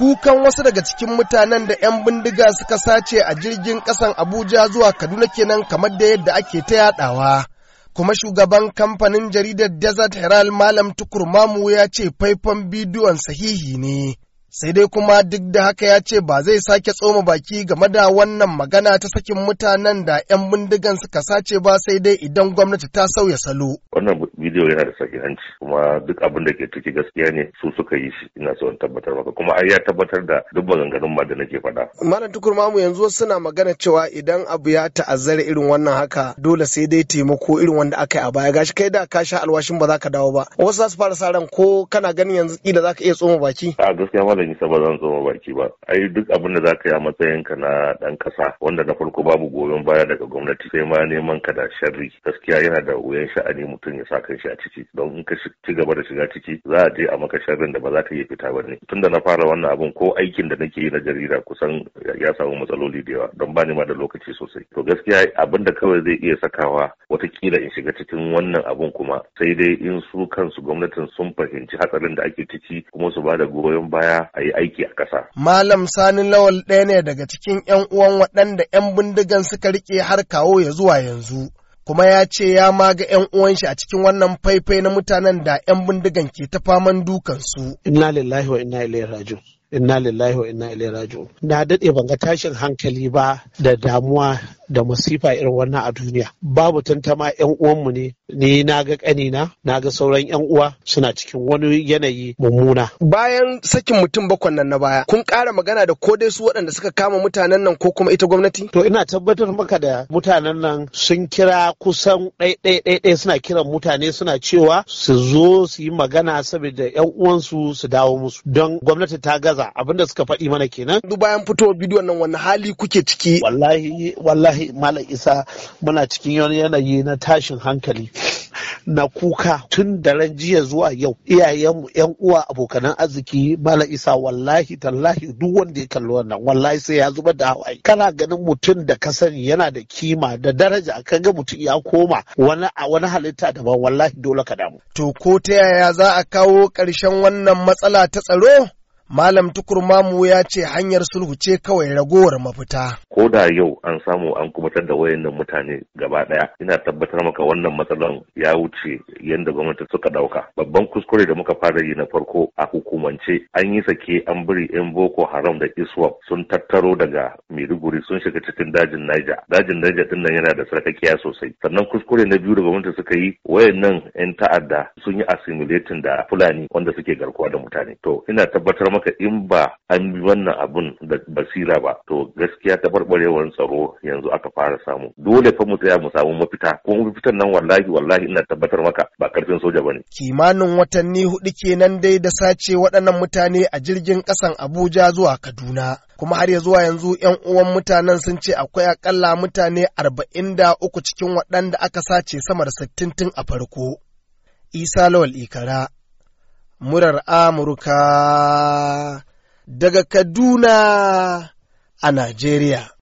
kukan wasu daga cikin mutanen da 'yan bindiga suka sace a jirgin ƙasan Abuja zuwa Kaduna kenan kamar da yadda ake ta yadawa. Kuma shugaban kamfanin jaridar Desert Herald Malam Tukur Mamu ya ce faifan bidiyon sahihi ne. sai dai kuma duk da haka ya ce ba zai sake tsoma baki game da wannan magana ta sakin mutanen da 'yan bindigan suka sace ba sai dai idan gwamnati ta sauya salo. Wannan bidiyo yana da sahihanci kuma duk abin da ke ciki gaskiya ne su suka yi shi ina so in tabbatar maka kuma ai ya tabbatar da duk maganganun ma da nake faɗa. Malam tukur mu yanzu suna magana cewa idan abu ya ta'azzara irin wannan haka dole sai dai taimako irin wanda aka yi a baya gashi kai da ka sha alwashin ba za ka dawo ba. Wasu za su fara sa ran ko kana ganin yanzu kila za ka iya tsoma baki. A gaskiya zan yi ba zan zama baki ba ai duk abin da zaka yi a matsayin ka na dan kasa wanda na farko babu goyon baya daga gwamnati sai ma neman ka da sharri gaskiya yana da wuyan sha'ani mutum ya sa kan shi a ciki don in ka ci gaba da shiga ciki za a je a maka sharrin da ba za ka iya fita ba ne tunda na fara wannan abun ko aikin da nake yi na jarida kusan ya samu matsaloli da yawa don ba ni ma da lokaci sosai to gaskiya abin da kawai zai iya sakawa watakila in shiga cikin wannan abun kuma sai dai in su kansu gwamnatin sun fahimci hatsarin da ake ciki kuma su ba da goyon baya a yi aiki a ƙasa. Malam Sani Lawal ɗaya ne daga cikin 'yan uwan waɗanda 'yan bindigan suka riƙe har kawo ya zuwa yanzu. Kuma ya ce ya maga 'yan uwan shi a cikin wannan faifai na mutanen da 'yan bindigan ke ta faman dukansu. Inna lillahi wa inna ilaihi raji'un. inna lillahi wa inna ilaihi raji'un na daɗe ban ga tashin hankali ba da damuwa da masifa irin wannan a duniya babu tantama yan uwanmu ne ni na ga kanina na ga sauran yan uwa suna cikin wani yanayi mummuna bayan sakin mutum bakwai nan na baya kun ƙara magana da ko dai su waɗanda suka kama mutanen nan ko kuma ita gwamnati to ina tabbatar maka da mutanen nan sun kira kusan ɗaiɗaiɗaiɗai suna kiran mutane suna cewa su zo su yi magana saboda yan uwansu su dawo musu don gwamnati ta gaza abinda suka faɗi mana kenan duk bayan fitowar bidiyon nan wani hali kuke ciki wallahi wallahi wallahi malam isa muna cikin wani yanayi na tashin hankali na kuka tun daren jiya zuwa yau iyayenmu yan uwa abokanan arziki malam isa wallahi tallahi duk wanda ya kalli wannan wallahi sai ya zuba da hawaye kana ganin mutum da ka sani yana da kima da daraja ka ga mutum ya koma wani a wani halitta daban wallahi dole ka damu to ko ta yaya za a kawo karshen wannan matsala ta tsaro Malam Tukur Mamu ya ce hanyar sulhu ce kawai ragowar mafita. ko da yau an samu an kubutar da wayannan mutane gaba daya ina tabbatar maka wannan matsalan ya wuce yadda gwamnati suka dauka babban kuskure da muka fara yi na farko a hukumance an yi sake an biri yan boko haram da iswap sun tattaro daga maiduguri sun shiga cikin dajin Naija. dajin Naija din nan yana da sarkakiya sosai sannan kuskure na biyu da gwamnati suka yi wayannan yan ta'adda sun yi assimilating da fulani wanda suke garkuwa da mutane to ina tabbatar maka in ba an bi wannan abun da basira ba to gaskiya ta taɓarɓarewar tsaro yanzu aka fara samu dole fa mu tsaya mu samu mafita ko mu fitar nan wallahi wallahi ina tabbatar maka ba karfin soja bane kimanin watanni hudu kenan dai da sace waɗannan mutane a jirgin ƙasan Abuja zuwa Kaduna kuma har ya zuwa yanzu 'yan uwan mutanen sun ce akwai akalla mutane arba'in da uku cikin waɗanda aka sace sama da sittin tun a farko. Isa Lawal Ikara, murar Amurka daga Kaduna a Najeriya.